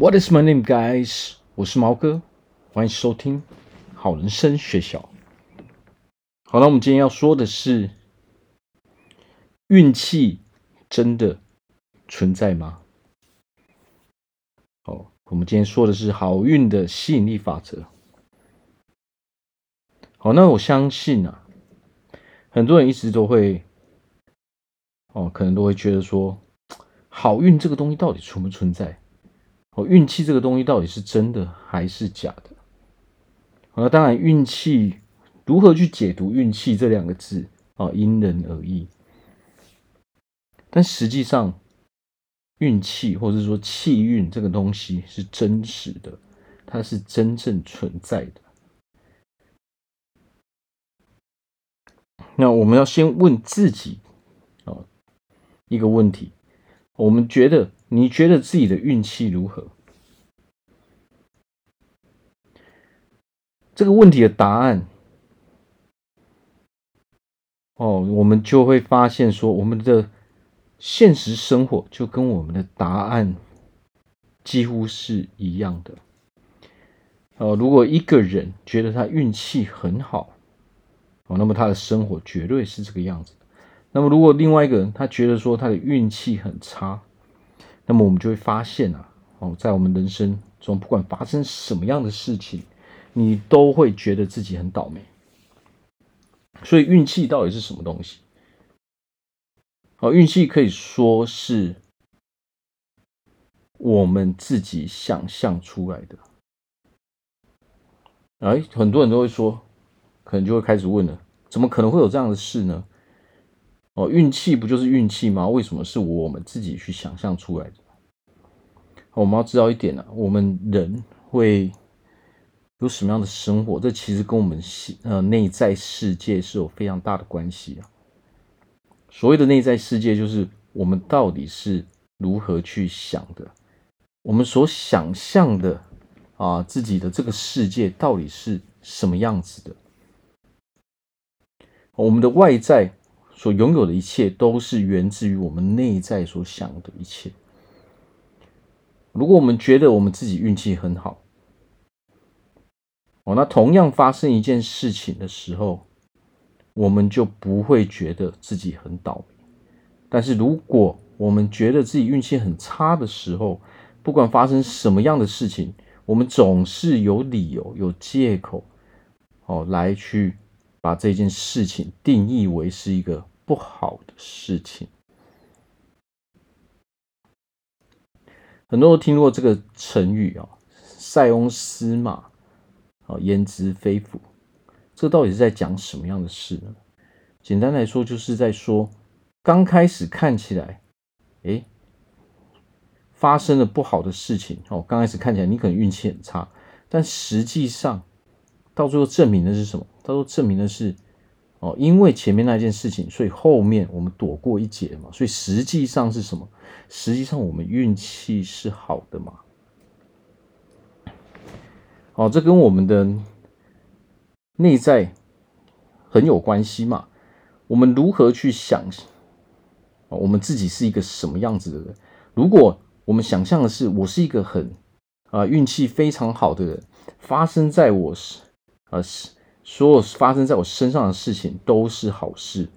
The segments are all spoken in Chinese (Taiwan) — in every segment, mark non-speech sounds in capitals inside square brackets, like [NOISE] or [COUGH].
What is my name, guys？我是毛哥，歡迎收聽好人生學校。好了，那我們今天要說的是，運氣真的存在嗎？哦，我們今天說的是好運的吸引力法則。好，那我相信啊，很多人一直都會，哦，可能都會覺得說，好運這個東西到底存不存在？運氣這個東西到底是真的還是假的？啊，當然，運氣如何去解讀“運氣”這兩個字啊，哦，因人而異。但實際上，運氣或者說氣運這個東西是真實的，它是真正存在的。那我們要先問自己啊，哦，一個問題：我們覺得？你覺得自己的運氣如何？這個問題的答案，哦，我們就會發現說，我們的現實生活就跟我們的答案幾乎是一樣的。哦，如果一個人覺得他運氣很好，哦，那麼他的生活絕對是這個樣子。那麼，如果另外一個人他覺得說他的運氣很差，那麼我們就會發現啊，哦，在我們人生中，不管發生什麼樣的事情，你都會覺得自己很倒霉。所以運氣到底是什麼東西？哦，運氣可以說是我們自己想象出來的。哎，很多人都會說，可能就會開始問了，怎麼可能會有這樣的事呢？哦，運氣不就是運氣嗎？為什麼是我們自己去想象出來的？我們要知道一點呢，啊，我們人會有什麼樣的生活？這其實跟我們呃內在世界是有非常大的關係啊。所謂的內在世界，就是我們到底是如何去想的，我們所想象的啊自己的這個世界到底是什麼樣子的？我們的外在所擁有的一切，都是源自於我們內在所想的一切。如果我們覺得我們自己運氣很好，哦，那同樣發生一件事情的時候，我們就不會覺得自己很倒霉。但是如果我們覺得自己運氣很差的時候，不管發生什麼樣的事情，我們總是有理由、有借口，哦，來去把這件事情定義為是一個不好的事情。很多人都聽過這個成語啊、哦，“塞翁失馬，哦焉知非福”，這到底是在講什麼樣的事呢？簡單來說，就是在說剛開始看起來，誒，發生了不好的事情哦。剛開始看起來你可能運氣很差，但實際上到最後證明的是什麼？到時候證明的是，哦，因為前面那件事情，所以後面我們躲過一劫嘛。所以實際上是什麼？實際上，我們運氣是好的嗎？哦，這跟我們的內在很有關係嘛。我們如何去想？哦、我們自己是一個什麼樣子的人？如果我們想象的是，我是一個很啊、呃、運氣非常好的人，發生在我身啊、呃、所有發生在我身上的事情都是好事。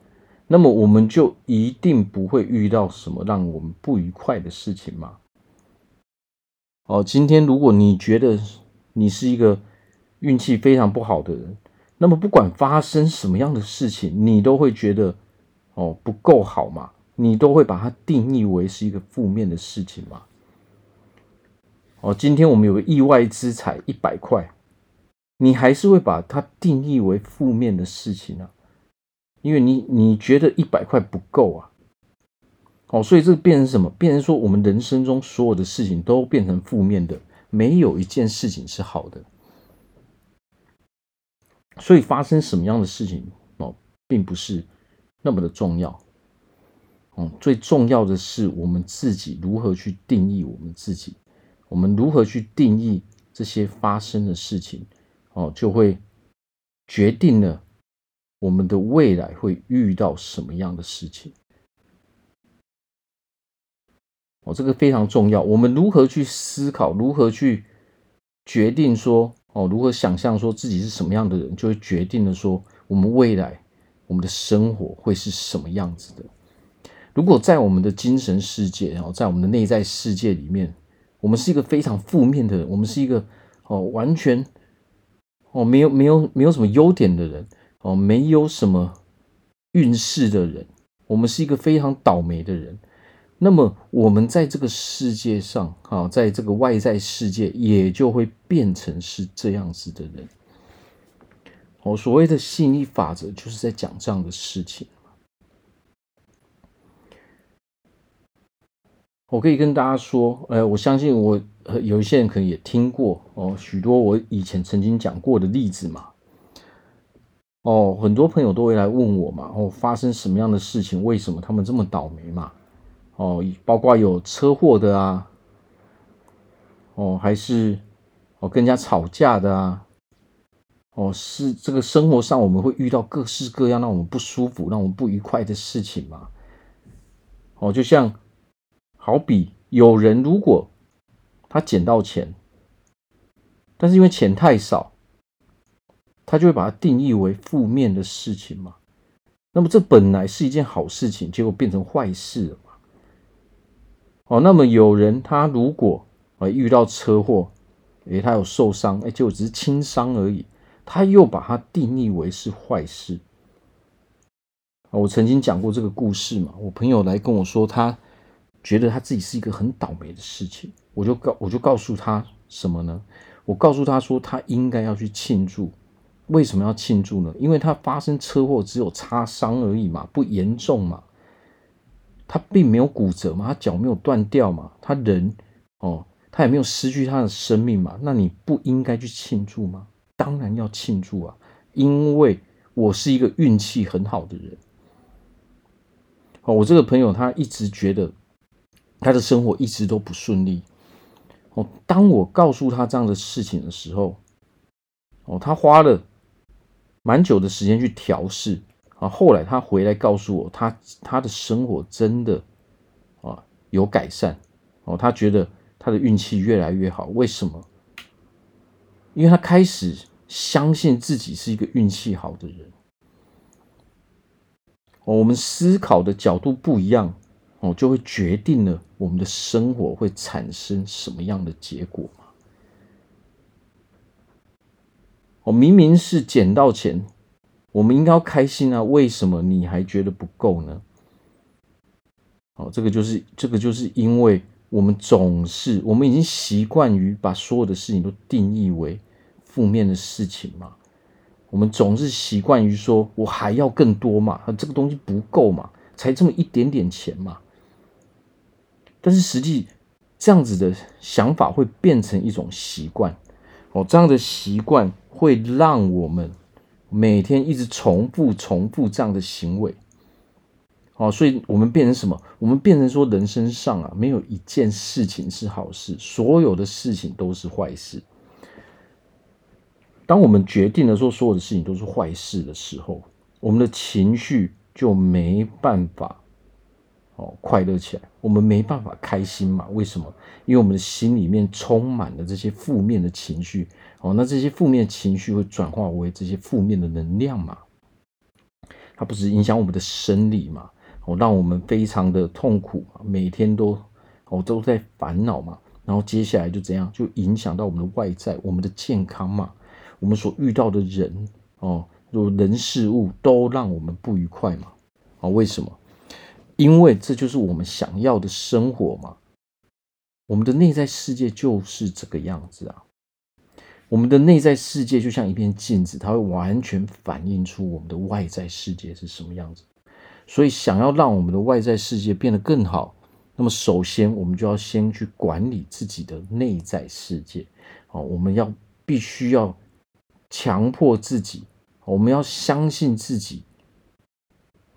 那麼我們就一定不會遇到什麼讓我們不愉快的事情嗎？哦，今天如果你覺得你是一個運氣非常不好的人，那麼不管發生什麼樣的事情，你都會覺得哦，不夠好嘛，你都會把它定義為是一個負面的事情嘛。哦，今天我們有個意外之財一百塊，你還是會把它定義為負面的事情啊？因為你你覺得一百塊不夠啊，哦，所以這變成什麼？變成說我們人生中所有的事情都變成負面的，沒有一件事情是好的。所以發生什麼樣的事情哦，並不是那麼的重要。哦，嗯，最重要的是我們自己如何去定義我們自己，我們如何去定義這些發生的事情，哦，就會決定了。我們的未來會遇到什麼樣的事情？哦，這個非常重要。我們如何去思考，如何去決定說哦，如何想象說自己是什麼樣的人，就會決定了說我們未來我們的生活會是什麼樣子的。如果在我們的精神世界，然後在我們的內在世界裡面，我們是一個非常負面的人，我們是一個哦完全哦沒有沒有沒有什麼優點的人。哦，沒有什麼運勢的人，我們是一個非常倒霉的人。那麼，我們在這個世界上，啊，在這個外在世界，也就會變成是這樣子的人。我所謂的吸引力法則，就是在講這樣的事情。我可以跟大家說，呃，我相信我有一些人可能也聽過哦，許多我以前曾經講過的例子嘛。哦，很多朋友都會來問我嘛，哦，發生什麼樣的事情，為什麼他們這麼倒霉嘛？哦，包括有車禍的啊，哦，還是哦跟人家吵架的啊，哦，是這個生活上我們會遇到各式各樣讓我們不舒服、讓我們不愉快的事情嘛。哦，就像，好比有人如果他撿到錢，但是因為錢太少。他就會把它定義為負面的事情嘛。那麼這本來是一件好事情，結果變成壞事了嘛。哦，那麼有人他如果遇到車禍，哎、欸，他有受傷，哎、欸，結果只是輕傷而已，他又把它定義為是壞事。我曾經講過這個故事嘛，我朋友來跟我說，他覺得他自己是一個很倒霉的事情，我就告我就告訴他什麼呢？我告訴他說，他應該要去慶祝。為什麼要慶祝呢？因為他發生車禍，只有擦傷而已嘛，不嚴重嘛，他並沒有骨折嘛，他腳沒有斷掉嘛，他人哦，他也沒有失去他的生命嘛，那你不應該去慶祝嗎？當然要慶祝啊，因為我是一個運氣很好的人。哦，我這個朋友他一直覺得他的生活一直都不順利。哦，當我告訴他這樣的事情的時候，哦，他花了。蠻久的時間去調試啊，後來他回來告訴我，他他他的生活真的啊有改善哦，他覺得他的運氣越來越好。為什麼？因為他開始相信自己是一個運氣好的人。哦，我們思考的角度不一樣哦，就會決定了我們的生活會產生什麼樣的結果。我明明是撿到錢，我們應該要開心啊！為什麼你還覺得不夠呢？好、哦，這個就是這個，就是因為我們總是我們已經習慣於把所有的事情都定義為負面的事情嘛。我們總是習慣於說，我還要更多嘛，啊、這個東西不夠嘛，才這麼一點點錢嘛。但是實際這樣子的想法會變成一種習慣哦，這樣的習慣。會讓我們每天一直重複、重複這樣的行為，哦，所以我們變成什麼？我們變成說，人生上啊，沒有一件事情是好事，所有的事情都是壞事。當我們決定了說，所有的事情都是壞事的時候，我們的情緒就沒辦法。哦，快樂起來，我們沒辦法開心嘛？為什麼？因為我們的心裡面充滿了這些負面的情緒。哦，那這些負面的情緒會轉化為這些負面的能量嘛？它不是影響我們的生理嘛？哦，讓我們非常的痛苦，每天都哦都在煩惱嘛。然後接下來就怎樣，就影響到我們的外在，我們的健康嘛？我們所遇到的人哦，如人事物都讓我們不愉快嘛？啊、哦，為什麼？因為這就是我們想要的生活嘛，我們的內在世界就是這個樣子啊。我們的內在世界就像一片鏡子，它會完全反映出我們的外在世界是什麼樣子。所以，想要讓我們的外在世界變得更好，那麼首先我們就要先去管理自己的內在世界。啊，我們要必須要強迫自己，我們要相信自己。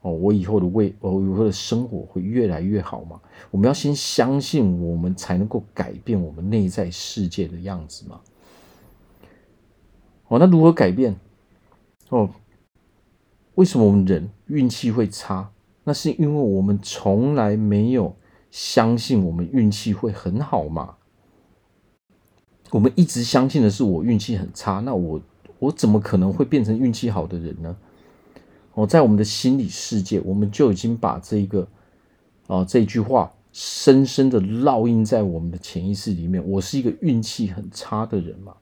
哦，我以後的未，哦，我以後的生活會越來越好嘛？我們要先相信，我們才能夠改變我們內在世界的樣子嘛。哦，那如何改變？哦，為什麼我們人運氣會差？那是因為我們從來沒有相信我們運氣會很好嘛。我們一直相信的是我運氣很差，那我我怎麼可能會變成運氣好的人呢？哦，在我們的心理世界，我們就已經把這個，啊、哦，這句話深深地烙印在我們的潛意識裡面。我是一個運氣很差的人嘛，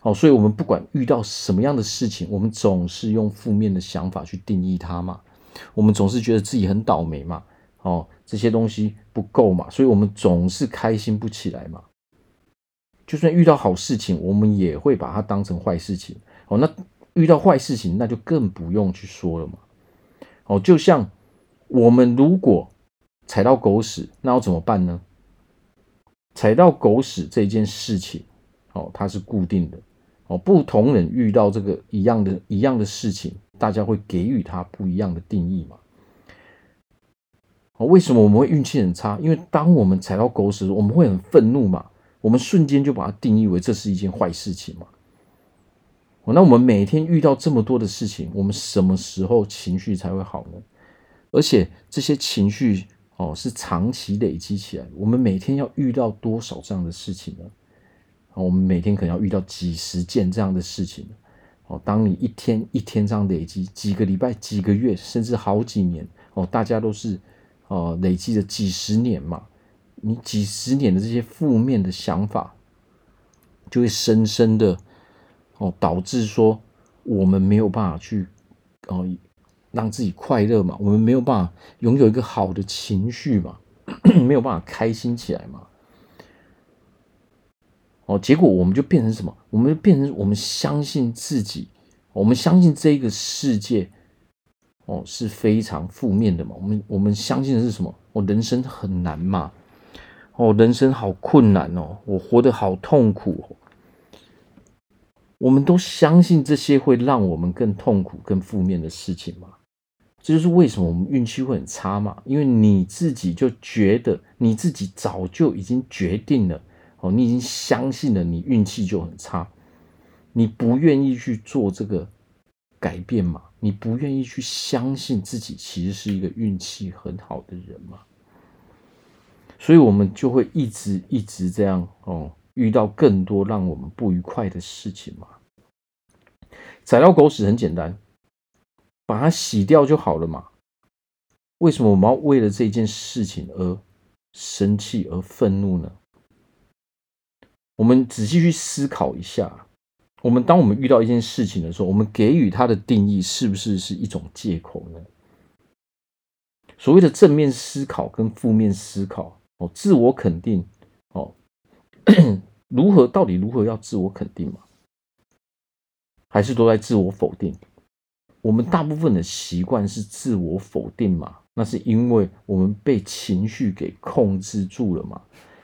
好、哦，所以，我們不管遇到什麼樣的事情，我們總是用負面的想法去定義它嘛。我們總是覺得自己很倒霉嘛，哦，這些東西不夠嘛，所以，我們總是開心不起來嘛。就算遇到好事情，我們也會把它當成壞事情。哦，那。遇到壞事情，那就更不用去說了嘛。哦，就像我們如果踩到狗屎，那要怎麼辦呢？踩到狗屎這件事情，哦，它是固定的。哦，不同人遇到這個一樣的一樣的事情，大家會給予它不一樣的定義嘛。哦，為什麼我們會運氣很差？因為當我們踩到狗屎，我們會很憤怒嘛，我們瞬間就把它定義為這是一件壞事情嘛。哦，那我們每天遇到這麼多的事情，我們什麼時候情緒才會好呢？而且這些情緒哦，是長期累積起來，我們每天要遇到多少這樣的事情呢？哦，我們每天可能要遇到幾十件這樣的事情。哦，當你一天一天這樣累積，幾個禮拜、幾個月，甚至好幾年，哦，大家都是哦、呃、累積了幾十年嘛，你幾十年的這些負面的想法，就會深深的。哦，導致說我們沒有辦法去，哦，讓自己快樂嘛？我們沒有辦法擁有一個好的情緒嘛？ [COUGHS] 沒有辦法開心起來嘛？哦，結果我們就變成什麼？我們就變成我們相信自己，我們相信這個世界，哦，是非常負面的嘛？我們我們相信的是什麼？我人生很難嘛？哦，人生好困難哦，我活得好痛苦。我們都相信這些會讓我們更痛苦、更負面的事情嘛。這就是為什麼我們運氣會很差嘛？因為你自己就覺得你自己早就已經決定了哦，你已經相信了，你運氣就很差，你不願意去做這個改變嘛？你不願意去相信自己其實是一個運氣很好的人嘛？所以我們就會一直一直這樣哦。遇到更多讓我們不愉快的事情嘛？踩到狗屎很簡單，把它洗掉就好了嘛？為什麼我們要為了這件事情而生氣而憤怒呢？我們仔細去思考一下，我們當我們遇到一件事情的時候，我們給予它的定義是不是是一種借口呢？所謂的正面思考跟負面思考，哦，自我肯定，哦。咳咳如何，到底如何要自我肯定嘛？還是都在自我否定？我們大部分的習慣是自我否定嘛？那是因為我們被情緒給控制住了嘛？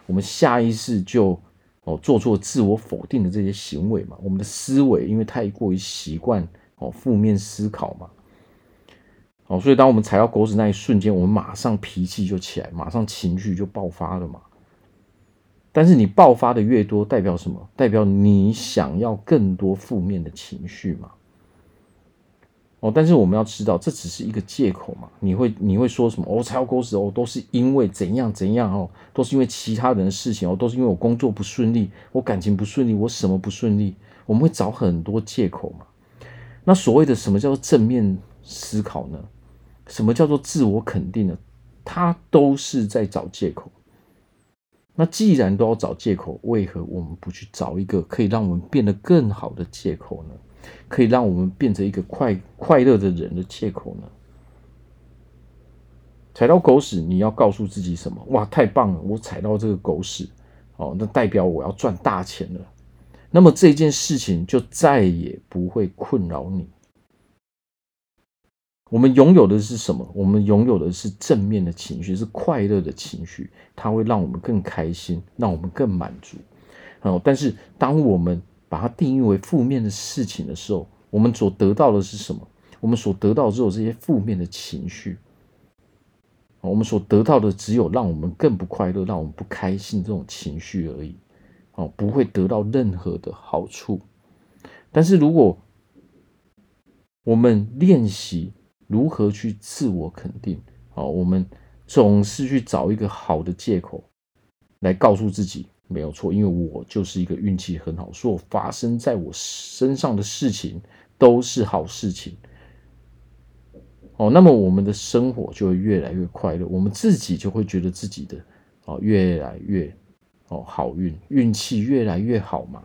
我們下意識就哦做出了自我否定的這些行為嘛？我們的思維因為太過於習慣哦負面思考嘛？哦，所以當我們踩到狗屎那一瞬間，我們馬上脾氣就起來，馬上情緒就爆發了嘛。但是你爆發的越多，代表什麼？代表你想要更多負面的情緒嘛？哦，但是我們要知道，這只是一個借口嘛。你會你會說什麼？哦，我才有狗屎哦，都是因為怎樣怎樣哦，都是因為其他人的事情哦，都是因為我工作不順利，我感情不順利，我什麼不順利？我們會找很多借口嘛。那所謂的什麼叫做正面思考呢？什麼叫做自我肯定呢？他都是在找借口，那既然都要找借口，為何我們不去找一個可以讓我們變得更好的借口呢？可以讓我們變成一個快快樂的人的借口呢？踩到狗屎，你要告訴自己什麼？哇，太棒了！我踩到這個狗屎，哦，那代表我要賺大錢了。那麼這件事情就再也不會困擾你。我們擁有的是什麼？我們擁有的是正面的情緒，是快樂的情緒，它會讓我們更開心，讓我們更滿足。哦，但是當我們把它定義為負面的事情的時候，我們所得到的是什麼？我們所得到只有這些負面的情緒。哦，我們所得到的只有讓我們更不快樂，讓我們不開心這種情緒而已。哦，不會得到任何的好處。但是如果我們練習，如何去自我肯定？好、哦，我們總是去找一個好的借口來告訴自己沒有錯，因為我就是一個運氣很好，所以發生在我身上的事情都是好事情。哦，那麼我們的生活就會越來越快樂，我們自己就會覺得自己的哦越來越哦好運，運氣越來越好嘛。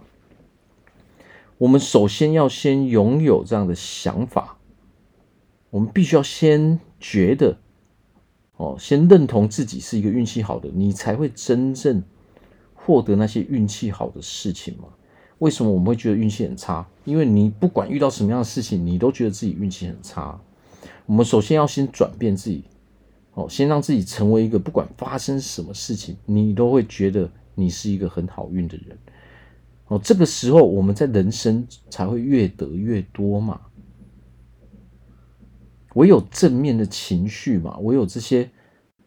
我們首先要先擁有這樣的想法。我們必須要先覺得，哦，先認同自己是一個運氣好的，你才會真正獲得那些運氣好的事情嘛。為什麼我們會覺得運氣很差？因為你不管遇到什麼樣的事情，你都覺得自己運氣很差。我們首先要先轉變自己，哦，先讓自己成為一個不管發生什麼事情，你都會覺得你是一個很好運的人。哦，這個時候我們在人生才會越得越多嘛。唯有正面的情緒嘛，唯有這些，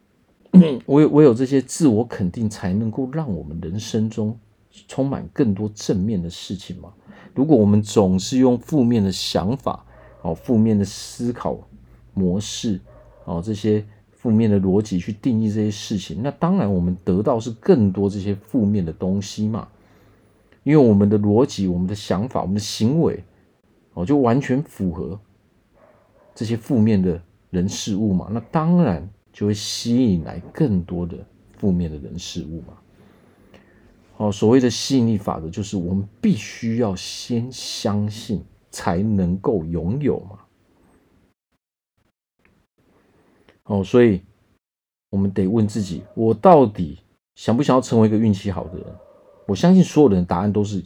[COUGHS] 我有我有這些自我肯定，才能夠讓我們人生中充滿更多正面的事情嘛。如果我們總是用負面的想法、哦負面的思考模式、哦這些負面的邏輯去定義這些事情，那當然我們得到是更多這些負面的東西嘛。因為我們的邏輯、我們的想法、我們的行為，哦就完全符合。這些負面的人事物嘛，那當然就會吸引來更多的負面的人事物嘛。好，哦，所謂的吸引力法則就是我們必須要先相信才能夠擁有嘛。哦，所以我們得問自己：我到底想不想要成為一個運氣好的人？我相信所有的人答案都是：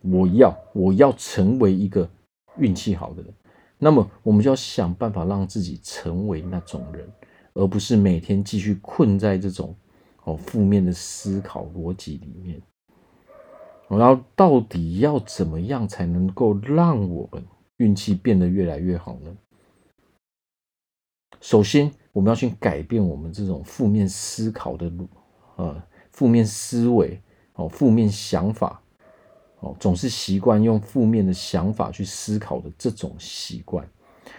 我要，我要成為一個運氣好的人。那麼，我們就要想辦法讓自己成為那種人，而不是每天繼續困在這種哦負面的思考邏輯裡面。然後，到底要怎麼樣才能夠讓我們運氣變得越來越好呢？首先，我們要先改變我們這種負面思考的呃，負面思維哦負面想法。哦，總是習慣用負面的想法去思考的這種習慣，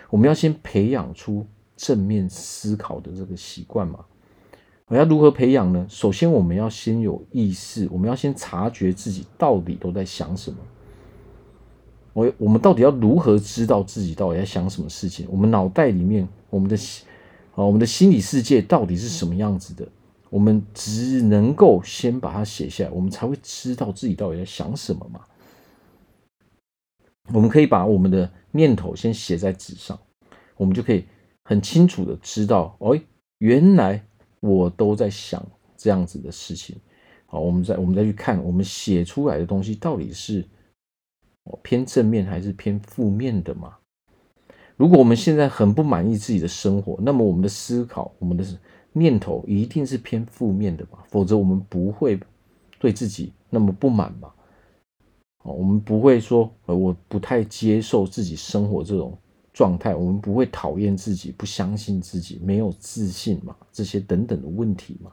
我們要先培養出正面思考的這個習慣嘛。我要如何培養呢？首先，我們要先有意識，我們要先察覺自己到底都在想什麼。我我們到底要如何知道自己到底在想什麼事情？我們腦袋裡面，我們的啊，我們的心理世界到底是什麼樣子的？我們只能夠先把它寫下來，我們才會知道自己到底在想什麼嘛。我們可以把我們的念頭先寫在紙上，我們就可以很清楚的知道，哦，原來我都在想這樣子的事情。好，我們再我們再去看，我們寫出來的東西到底是偏正面還是偏負面的嘛？如果我們現在很不滿意自己的生活，那麼我們的思考，我們的念頭一定是偏負面的嘛，否則我們不會對自己那麼不滿嘛。我們不會說，我不太接受自己生活這種狀態，我們不會討厭自己，不相信自己，沒有自信嘛，這些等等的問題嘛。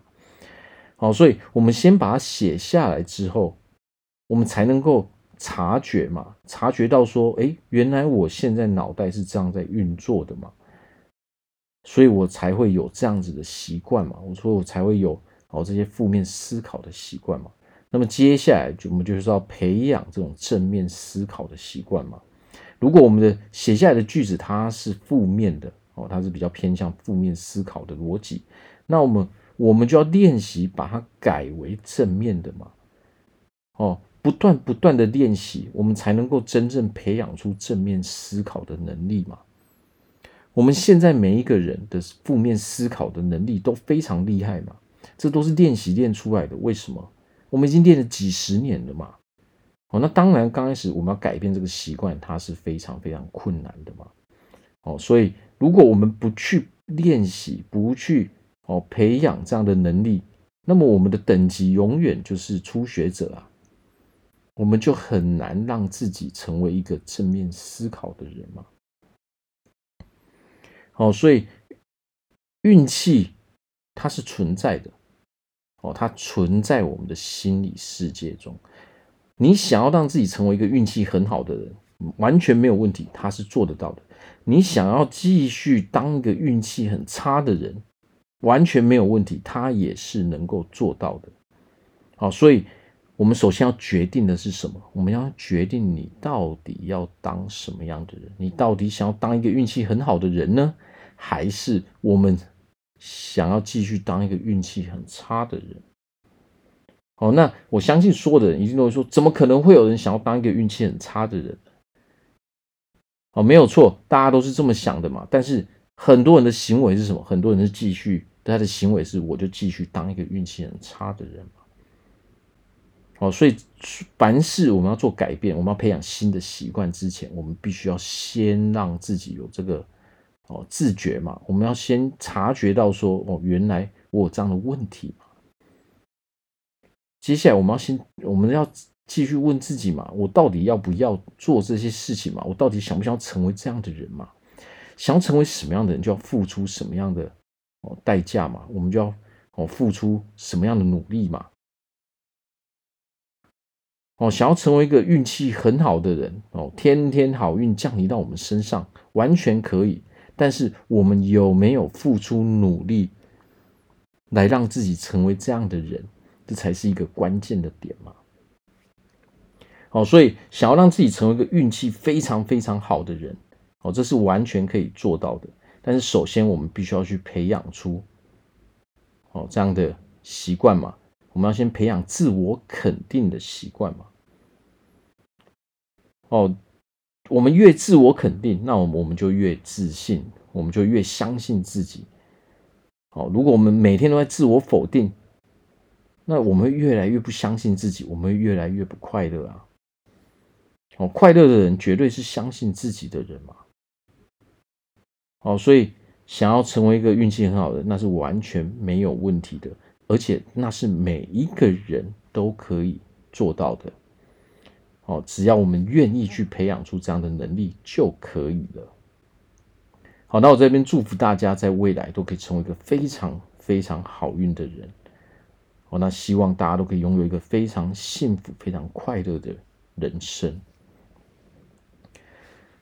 好，所以我們先把它寫下來之後，我們才能夠察覺嘛，察覺到說，誒，原來我現在腦袋是這樣在運作的嘛。所以我才會有這樣子的習慣嘛，我說我才會有哦，這些負面思考的習慣嘛。那麼接下來就我們就是要培養這種正面思考的習慣嘛。如果我們的寫下來的句子它是負面的哦，它是比較偏向負面思考的邏輯，那我們我們就要練習把它改為正面的嘛。哦，不斷不斷的練習，我們才能夠真正培養出正面思考的能力嘛。我們現在每一個人的負面思考的能力都非常厲害嘛，這都是練習練出來的。為什麼？我們已經練了幾十年了嘛。哦，那當然剛開始我們要改變這個習慣，它是非常非常困難的嘛。哦，所以如果我們不去練習，不去哦培養這樣的能力，那麼我們的等級永遠就是初學者啊，我們就很難讓自己成為一個正面思考的人嘛。好，哦，所以運氣它是存在的，哦，它存在我們的心理世界中。你想要讓自己成為一個運氣很好的人，完全沒有問題，他是做得到的。你想要繼續當一個運氣很差的人，完全沒有問題，他也是能夠做到的。好，哦，所以。我們首先要決定的是什麼？我們要決定你到底要當什麼樣的人？你到底想要當一個運氣很好的人呢，還是我們想要繼續當一個運氣很差的人？好，那我相信說的人一定都會說，怎麼可能會有人想要當一個運氣很差的人呢？好，沒有錯，大家都是這麼想的嘛。但是很多人的行為是什麼？很多人是繼續，他的行為是我就繼續當一個運氣很差的人嘛。哦，所以凡事我們要做改變，我們要培養新的習慣之前，我們必須要先讓自己有這個哦自覺嘛。我們要先察覺到說哦，原來我有這樣的問題嘛。接下來我們要先，我們要繼續問自己嘛：我到底要不要做這些事情嘛？我到底想不想要成為這樣的人嘛？想成為什麼樣的人，就要付出什麼樣的哦代價嘛？我們就要哦付出什麼樣的努力嘛？哦，想要成為一個運氣很好的人哦，天天好運降臨到我們身上，完全可以。但是我們有沒有付出努力來讓自己成為這樣的人，這才是一個關鍵的點嘛？好，哦，所以想要讓自己成為一個運氣非常非常好的人，哦，這是完全可以做到的。但是首先，我們必須要去培養出哦這樣的習慣嘛。我們要先培養自我肯定的習慣嘛？哦，我們越自我肯定，那我我們就越自信，我們就越相信自己。好，如果我們每天都在自我否定，那我們越來越不相信自己，我們越來越不快樂啊！哦，快樂的人絕對是相信自己的人嘛。哦，所以想要成為一個運氣很好的，那是完全沒有問題的。而且那是每一個人都可以做到的，哦，只要我們願意去培養出這樣的能力就可以了。好，那我這邊祝福大家在未來都可以成為一個非常非常好運的人。好，那希望大家都可以擁有一個非常幸福、非常快樂的人生。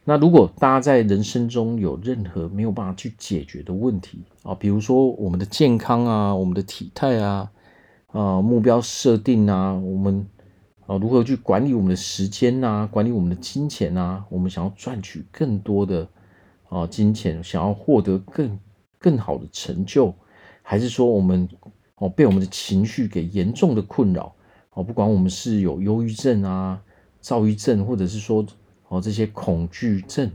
那如果大家在人生中有任何沒有辦法去解決的問題啊，比如說我們的健康啊，我們的體態啊，啊，目標設定啊，我們啊如何去管理我們的時間啊，管理我們的金錢啊，我們想要賺取更多的啊金錢，想要獲得更更好的成就，還是說我們哦、啊、被我們的情緒給嚴重的困擾哦、啊，不管我們是有憂鬱症啊、躁鬱症，或者是說這些恐懼症，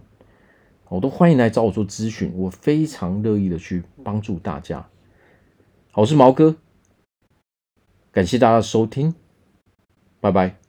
我都歡迎來找我做諮詢，我非常樂意的去幫助大家。好，我是毛哥，感謝大家的收聽，拜拜。